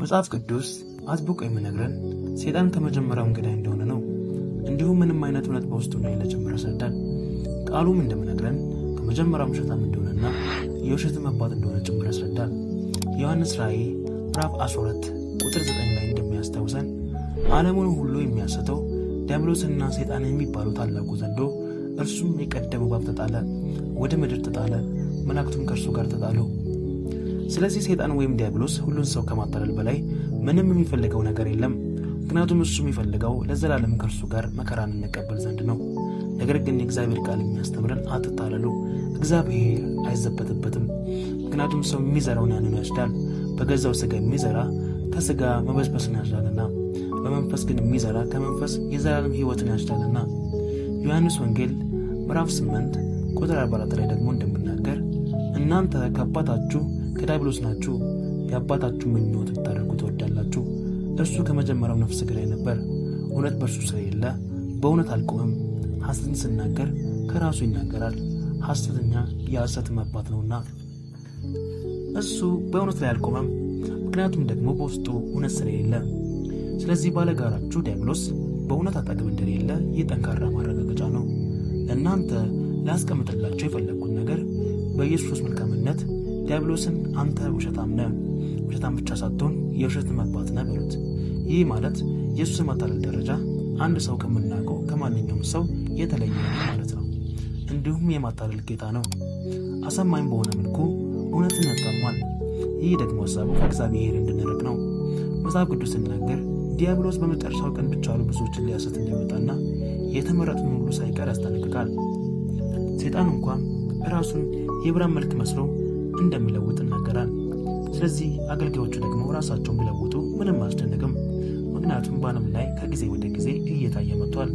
መጽሐፍ ቅዱስ አጥብቆ የምነግረን ሴጣን ከመጀመሪያው እንግዳይ እንደሆነ ነው። እንዲሁም ምንም አይነት እውነት በውስጡ እንዳለ ጭምር ያስረዳል። ቃሉም እንደምነግረን ከመጀመሪያው ውሸታም እንደሆነና የውሸት መባት እንደሆነ ጭምር ያስረዳል። ዮሐንስ ራእይ ምዕራፍ 12 ቁጥር 9 ላይ እንደሚያስታውሰን ዓለሙን ሁሉ የሚያሰተው ዲያብሎስና ሰይጣን የሚባሉ ታላቁ ዘንዶ እርሱም የቀደመው ባብ ተጣለ፣ ወደ ምድር ተጣለ፣ መላእክቱም ከእርሱ ጋር ተጣለው ስለዚህ ሰይጣን ወይም ዲያብሎስ ሁሉን ሰው ከማታለል በላይ ምንም የሚፈልገው ነገር የለም። ምክንያቱም እሱ የሚፈልገው ለዘላለም ከእርሱ ጋር መከራን እንቀበል ዘንድ ነው። ነገር ግን የእግዚአብሔር ቃል የሚያስተምረን አትታለሉ፣ እግዚአብሔር አይዘበትበትም። ምክንያቱም ሰው የሚዘራውን ያንኑ ያጭዳል። በገዛው ስጋ የሚዘራ ከስጋ መበስበስን ያጭዳልና፣ በመንፈስ ግን የሚዘራ ከመንፈስ የዘላለም ህይወትን ያጭዳልና። ዮሐንስ ወንጌል ምዕራፍ 8 ቁጥር 44 ላይ ደግሞ እንደምናገር እናንተ ከአባታችሁ ከዲያብሎስ ናችሁ፣ የአባታችሁ ምኞት ብታደርጉ ትወዳላችሁ። እርሱ ከመጀመሪያው ነፍስ ገዳይ ነበር። እውነት በእርሱ ስለሌለ በእውነት አልቆምም። ሐሰትን ስናገር ከራሱ ይናገራል፣ ሐሰተኛ የሐሰት አባት ነውና። እሱ በእውነት ላይ አልቆመም፣ ምክንያቱም ደግሞ በውስጡ እውነት ስለሌለ። ስለዚህ ባለጋራችሁ ዲያብሎስ በእውነት አጠገብ እንደሌለ ይህ ጠንካራ ማረጋገጫ ነው። እናንተ ላስቀምጥላቸው የፈለግኩት ነገር በኢየሱስ መልካምነት ዲያብሎስም አንተ ውሸታም ነ ውሸታም ብቻ ሳትሆን የውሸት መግባት ነ በሉት። ይህ ማለት ኢየሱስ ማታለል ደረጃ አንድ ሰው ከምናውቀው ከማንኛውም ሰው የተለየ ማለት ነው። እንዲሁም የማታለል ጌታ ነው። አሳማኝ በሆነ መልኩ እውነትን ያጣሟል። ይህ ደግሞ ሀሳቡ ከእግዚአብሔር እንድንርቅ ነው። መጽሐፍ ቅዱስ ሲናገር ዲያብሎስ በመጨረሻው ቀን ብቻ ብዙዎችን ሊያሰት እንደሚመጣና የተመረጡን ሁሉ ሳይቀር ያስጠነቅቃል። ሴጣን እንኳን ራሱን የብራን መልክ መስሎ እንደሚለውጥ ይናገራል። ስለዚህ አገልጋዮቹ ደግሞ ራሳቸውን ቢለውጡ ምንም አያስደንቅም። ምክንያቱም በዓለም ላይ ከጊዜ ወደ ጊዜ እየታየ መጥቷል።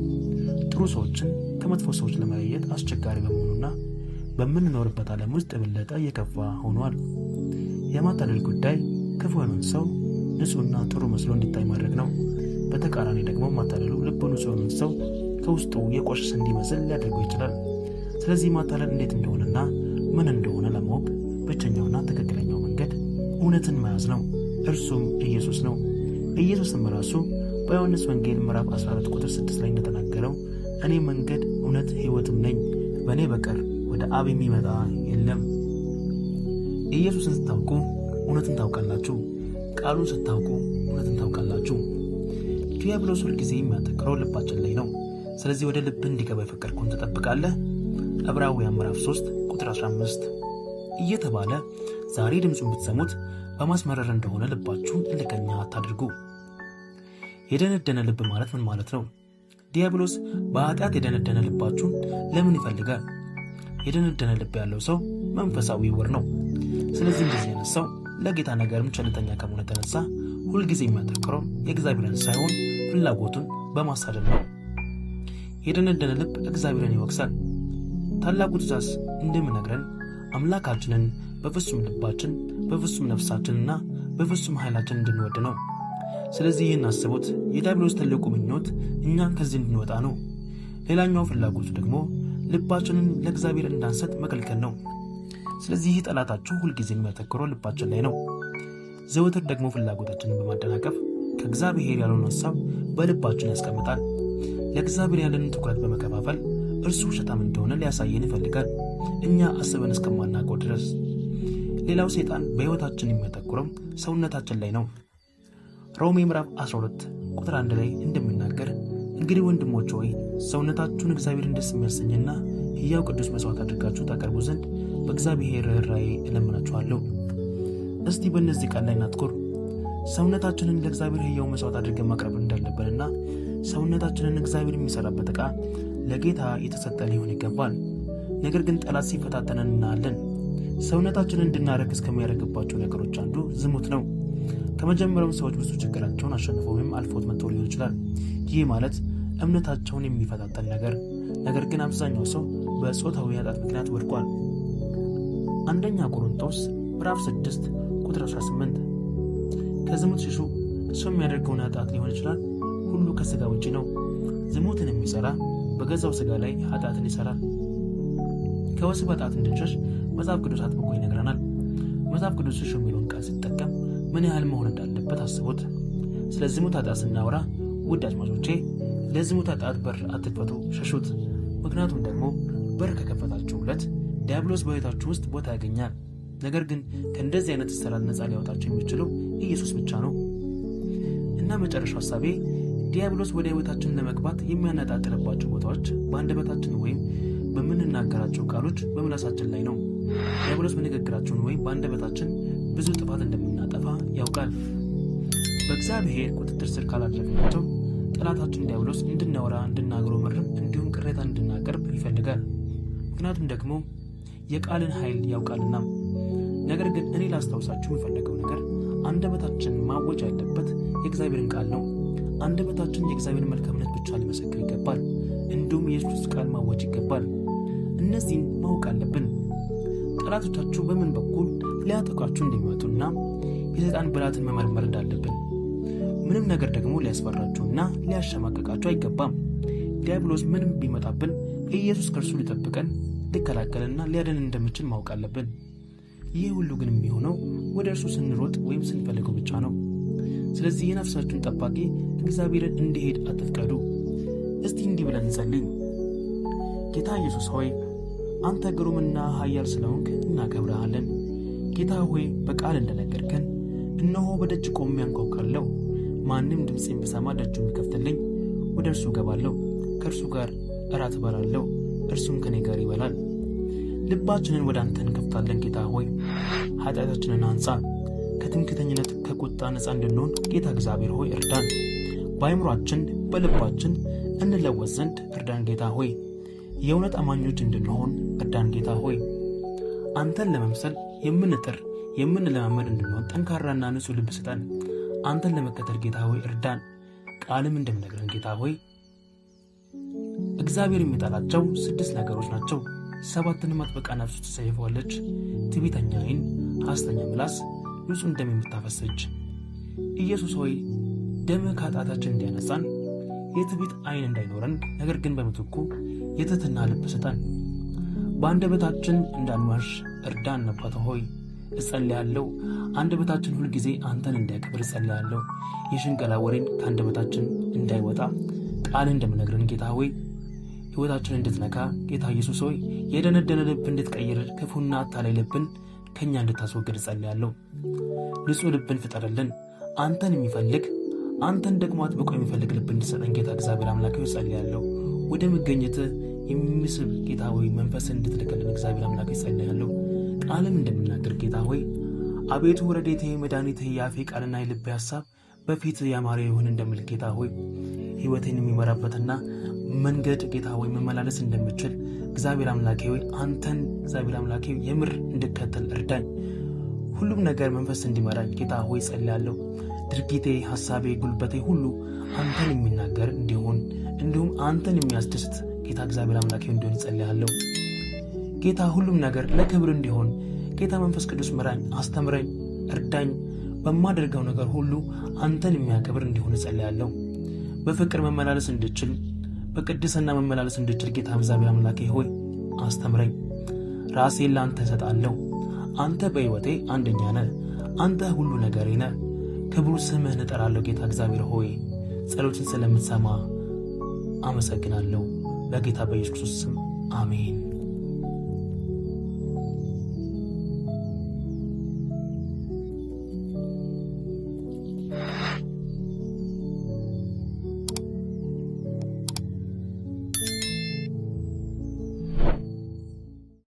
ጥሩ ሰዎችን ከመጥፎ ሰዎች ለመለየት አስቸጋሪ በመሆኑና በምንኖርበት ዓለም ውስጥ የበለጠ እየከፋ ሆኗል። የማታለል ጉዳይ ክፉ የሆነን ሰው ንጹሕና ጥሩ መስሎ እንዲታይ ማድረግ ነው። በተቃራኒ ደግሞ ማታለሉ ልቡ ንጹሕ የሆነን ሰው ከውስጡ የቆሸሸ እንዲመስል ሊያደርገው ይችላል። ስለዚህ ማታለል እንዴት እንደሆነና ምን እንደሆነ ብቸኛውና ትክክለኛው መንገድ እውነትን መያዝ ነው። እርሱም ኢየሱስ ነው። ኢየሱስም ራሱ በዮሐንስ ወንጌል ምዕራፍ 14 ቁጥር 6 ላይ እንደተናገረው እኔ መንገድ፣ እውነት፣ ሕይወትም ነኝ፣ በእኔ በቀር ወደ አብ የሚመጣ የለም። ኢየሱስን ስታውቁ እውነትን ታውቃላችሁ። ቃሉን ስታውቁ እውነትን ታውቃላችሁ። ዲያብሎስ ሁልጊዜ የሚያተክረው ልባችን ላይ ነው። ስለዚህ ወደ ልብ እንዲገባ የፈቀድኩን ትጠብቃለህ። ዕብራውያን ምዕራፍ 3 ቁጥር 15 እየተባለ ዛሬ ድምፁን ብትሰሙት በማስመረር እንደሆነ ልባችሁን እልከኛ አታድርጉ። የደነደነ ልብ ማለት ምን ማለት ነው? ዲያብሎስ በኃጢአት የደነደነ ልባችሁን ለምን ይፈልጋል? የደነደነ ልብ ያለው ሰው መንፈሳዊ ውር ነው። ስለዚህ እንደዚህ አይነት ሰው ለጌታ ነገርም ቸልተኛ ከመሆኑ የተነሳ ሁልጊዜ የሚያተክረው የእግዚአብሔርን ሳይሆን ፍላጎቱን በማሳደድ ነው። የደነደነ ልብ እግዚአብሔርን ይወቅሳል። ታላቁ ትእዛዝ እንደምነግረን አምላካችንን በፍጹም ልባችን በፍጹም ነፍሳችንና በፍጹም ኃይላችን እንድንወድ ነው። ስለዚህ ይህን አስቡት። የዳብሎስ ትልቁ ምኞት እኛን ከዚህ እንድንወጣ ነው። ሌላኛው ፍላጎቱ ደግሞ ልባችንን ለእግዚአብሔር እንዳንሰጥ መከልከል ነው። ስለዚህ ይህ ጠላታችሁ ሁልጊዜ የሚያተኩረው ልባችን ላይ ነው። ዘወትር ደግሞ ፍላጎታችንን በማደናቀፍ ከእግዚአብሔር ያለውን ሀሳብ በልባችን ያስቀምጣል። ለእግዚአብሔር ያለንን ትኩረት በመከፋፈል እርሱ ውሸታም እንደሆነ ሊያሳየን ይፈልጋል። እኛ አስበን እስከማናውቀው ድረስ። ሌላው ሰይጣን በሕይወታችን የሚያተኩረው ሰውነታችን ላይ ነው። ሮሜ ምዕራፍ 12 ቁጥር 1 ላይ እንደሚናገር እንግዲህ ወንድሞች ሆይ ሰውነታችሁን እግዚአብሔር ደስ የሚያሰኝና ሕያው ቅዱስ መሥዋዕት አድርጋችሁ ታቀርቡ ዘንድ በእግዚአብሔር ርኅራኄ እለምናችኋለሁ። እስቲ በእነዚህ ቃል ላይ ናትኩር ሰውነታችንን ለእግዚአብሔር ሕያው መሥዋዕት አድርገን ማቅረብ እንዳለብንና ሰውነታችንን እግዚአብሔር የሚሠራበት ዕቃ ለጌታ የተሰጠ ሊሆን ይገባል። ነገር ግን ጠላት ሲፈታተነን እናያለን። ሰውነታችንን እንድናረክስ ከሚያደርግባቸው ነገሮች አንዱ ዝሙት ነው። ከመጀመሪያውም ሰዎች ብዙ ችግራቸውን አሸንፈው ወይም አልፎት መጥቶ ሊሆን ይችላል። ይህ ማለት እምነታቸውን የሚፈታተን ነገር። ነገር ግን አብዛኛው ሰው በጾታዊ ኃጢአት ምክንያት ወድቋል። አንደኛ ቆሮንቶስ ምዕራፍ 6 ቁጥር 18 ከዝሙት ሽሹ። እሱ የሚያደርገውን ኃጢአት ሊሆን ይችላል ሁሉ ከስጋ ውጭ ነው። ዝሙትን የሚሰራ በገዛው ስጋ ላይ ኃጢአትን ይሰራል። ከወስበጣት ኃጢአት እንድንሸሽ መጽሐፍ ቅዱስ አጥብቆ ይነግረናል። መጽሐፍ ቅዱስ ሽሹ የሚለውን ቃል ሲጠቀም ምን ያህል መሆን እንዳለበት አስቡት። ስለ ዝሙት አጣ ስናወራ ውድ አድማጮቼ ለዝሙት አጣት በር አትፈቱ ሸሹት። ምክንያቱም ደግሞ በር ከከፈታችሁለት ዲያብሎስ በቤታችሁ ውስጥ ቦታ ያገኛል። ነገር ግን ከእንደዚህ አይነት እስራት ነፃ ሊያወጣቸው የሚችለው ኢየሱስ ብቻ ነው እና መጨረሻው ሀሳቤ ዲያብሎስ ወደ ሕይወታችን ለመግባት የሚያነጣጥርባቸው ቦታዎች በታችን ወይም በምንናገራቸው ቃሎች በምላሳችን ላይ ነው። ዲያብሎስ በንግግራችን ወይም በአንደበታችን ብዙ ጥፋት እንደምናጠፋ ያውቃል። በእግዚአብሔር ቁጥጥር ስር ካላደረግናቸው ጠላታችን ዲያብሎስ እንድናወራ፣ እንድናገሮ ምርም እንዲሁም ቅሬታ እንድናቀርብ ይፈልጋል። ምክንያቱም ደግሞ የቃልን ኃይል ያውቃልና። ነገር ግን እኔ ላስታውሳችሁ የፈለገው ነገር አንደበታችን ማወጅ ያለበት የእግዚአብሔርን ቃል ነው። አንደበታችን የእግዚአብሔርን መልካምነት ብቻ ሊመሰክር ይገባል። እንዲሁም የኢየሱስ ቃል ማወጅ ይገባል። እነዚህን ማወቅ አለብን። ጠላቶቻችሁ በምን በኩል ሊያጠቋችሁ እንደሚመጡና የሰይጣን ብላትን መመርመር እንዳለብን። ምንም ነገር ደግሞ ሊያስፈራችሁና ሊያሸማቀቃችሁ አይገባም። ዲያብሎስ ምንም ቢመጣብን ኢየሱስ ከእርሱ ሊጠብቀን ሊከላከልና ሊያደን እንደምችል ማወቅ አለብን። ይህ ሁሉ ግን የሚሆነው ወደ እርሱ ስንሮጥ ወይም ስንፈልገው ብቻ ነው። ስለዚህ የነፍሳችሁን ጠባቂ እግዚአብሔርን እንዲሄድ አትፍቀዱ። እስቲ እንዲህ ብለን እንጸልኝ ጌታ ኢየሱስ ሆይ አንተ ግሩምና ኃያል ስለሆንክ እናከብረሃለን። ጌታ ሆይ በቃል እንደነገርከን እነሆ በደጅ ቆሜ አንኳኳለሁ። ማንም ድምፄን ብሰማ ደጁን ይከፍትልኝ፣ ወደ እርሱ እገባለሁ፣ ከእርሱ ጋር እራት እበላለሁ፣ እርሱም ከኔ ጋር ይበላል። ልባችንን ወደ አንተ እንከፍታለን። ጌታ ሆይ ኃጢአታችንን አንጻ፣ ከትምክተኝነት ከቁጣ ነፃ እንድንሆን ጌታ እግዚአብሔር ሆይ እርዳን። በአይምሯችን በልባችን እንለወስ ዘንድ እርዳን ጌታ ሆይ የእውነት አማኞች እንድንሆን እርዳን ጌታ ሆይ። አንተን ለመምሰል የምንጥር የምንለማመድ እንድንሆን ጠንካራና ንጹሕ ልብ ስጠን። አንተን ለመከተል ጌታ ሆይ እርዳን። ቃልም እንደምነግረን ጌታ ሆይ እግዚአብሔር የሚጠላቸው ስድስት ነገሮች ናቸው። ሰባትን አጥብቃ ነፍሱ ትሰይፈዋለች። ትቢተኛ ይን ሐስተኛ ምላስ፣ ንጹ ደም የምታፈስ ኢየሱስ ሆይ ደምህ ከኃጢአታችን እንዲያነጻን የትቢት ዐይን እንዳይኖረን ነገር ግን በምትኩ የትህትና ልብ ስጠን። በአንደበታችን እንዳንዋሽ እርዳን። አባት ሆይ እጸልያለሁ። አንደበታችን ሁልጊዜ አንተን እንዲያከብር እጸልያለሁ። የሽንገላ ወሬን ከአንደበታችን እንዳይወጣ ቃል እንደምነግርን ጌታ ሆይ ሕይወታችን እንድትነካ ጌታ ኢየሱስ ሆይ የደነደነ ልብ እንድትቀይር፣ ክፉና አታላይ ልብን ከእኛ እንድታስወግድ እጸልያለሁ። ንጹሕ ልብን ፍጠርልን። አንተን የሚፈልግ አንተን ደግሞ አጥብቆ የሚፈልግ ልብ እንድሰጠን ጌታ እግዚአብሔር አምላካዊ እጸልያለሁ። ወደ መገኘትህ የሚስብ ጌታ ሆይ መንፈስ እንድትልክልን እግዚአብሔር አምላክ ይጸልያለሁ። ቃልም እንደምናገር ጌታ ሆይ አቤቱ ረድኤቴ መድኃኒቴ ያፌ ቃልና የልብ ሀሳብ በፊት ያማረ ይሁን እንደምል ጌታ ሆይ ህይወትን የሚመራበትና መንገድ ጌታ ሆይ መመላለስ እንደምችል እግዚአብሔር አምላኬ ሆይ አንተን እግዚአብሔር አምላኬ የምር እንድከተል እርዳኝ። ሁሉም ነገር መንፈስ እንዲመራኝ ጌታ ሆይ ጸልያለሁ። ድርጊቴ፣ ሀሳቤ ጉልበቴ ሁሉ አንተን የሚናገር እንዲሆን እንዲሁም አንተን የሚያስደስት ጌታ እግዚአብሔር አምላክ እንዲሆን ይጸልያለሁ። ጌታ ሁሉም ነገር ለክብር እንዲሆን ጌታ መንፈስ ቅዱስ ምራኝ፣ አስተምረኝ፣ እርዳኝ በማደርገው ነገር ሁሉ አንተን የሚያከብር እንዲሆን እጸልያለሁ። በፍቅር መመላለስ እንድችል፣ በቅድስና መመላለስ እንድችል ጌታ እግዚአብሔር አምላኬ ሆይ አስተምረኝ። ራሴ ለአንተ እሰጣለሁ። አንተ በሕይወቴ አንደኛ ነህ። አንተ ሁሉ ነገሬ ነህ። ክብሩ ስምህን እጠራለሁ። ጌታ እግዚአብሔር ሆይ ጸሎትን ስለምትሰማ አመሰግናለሁ። በጌታ በኢየሱስ ክርስቶስ ስም አሜን።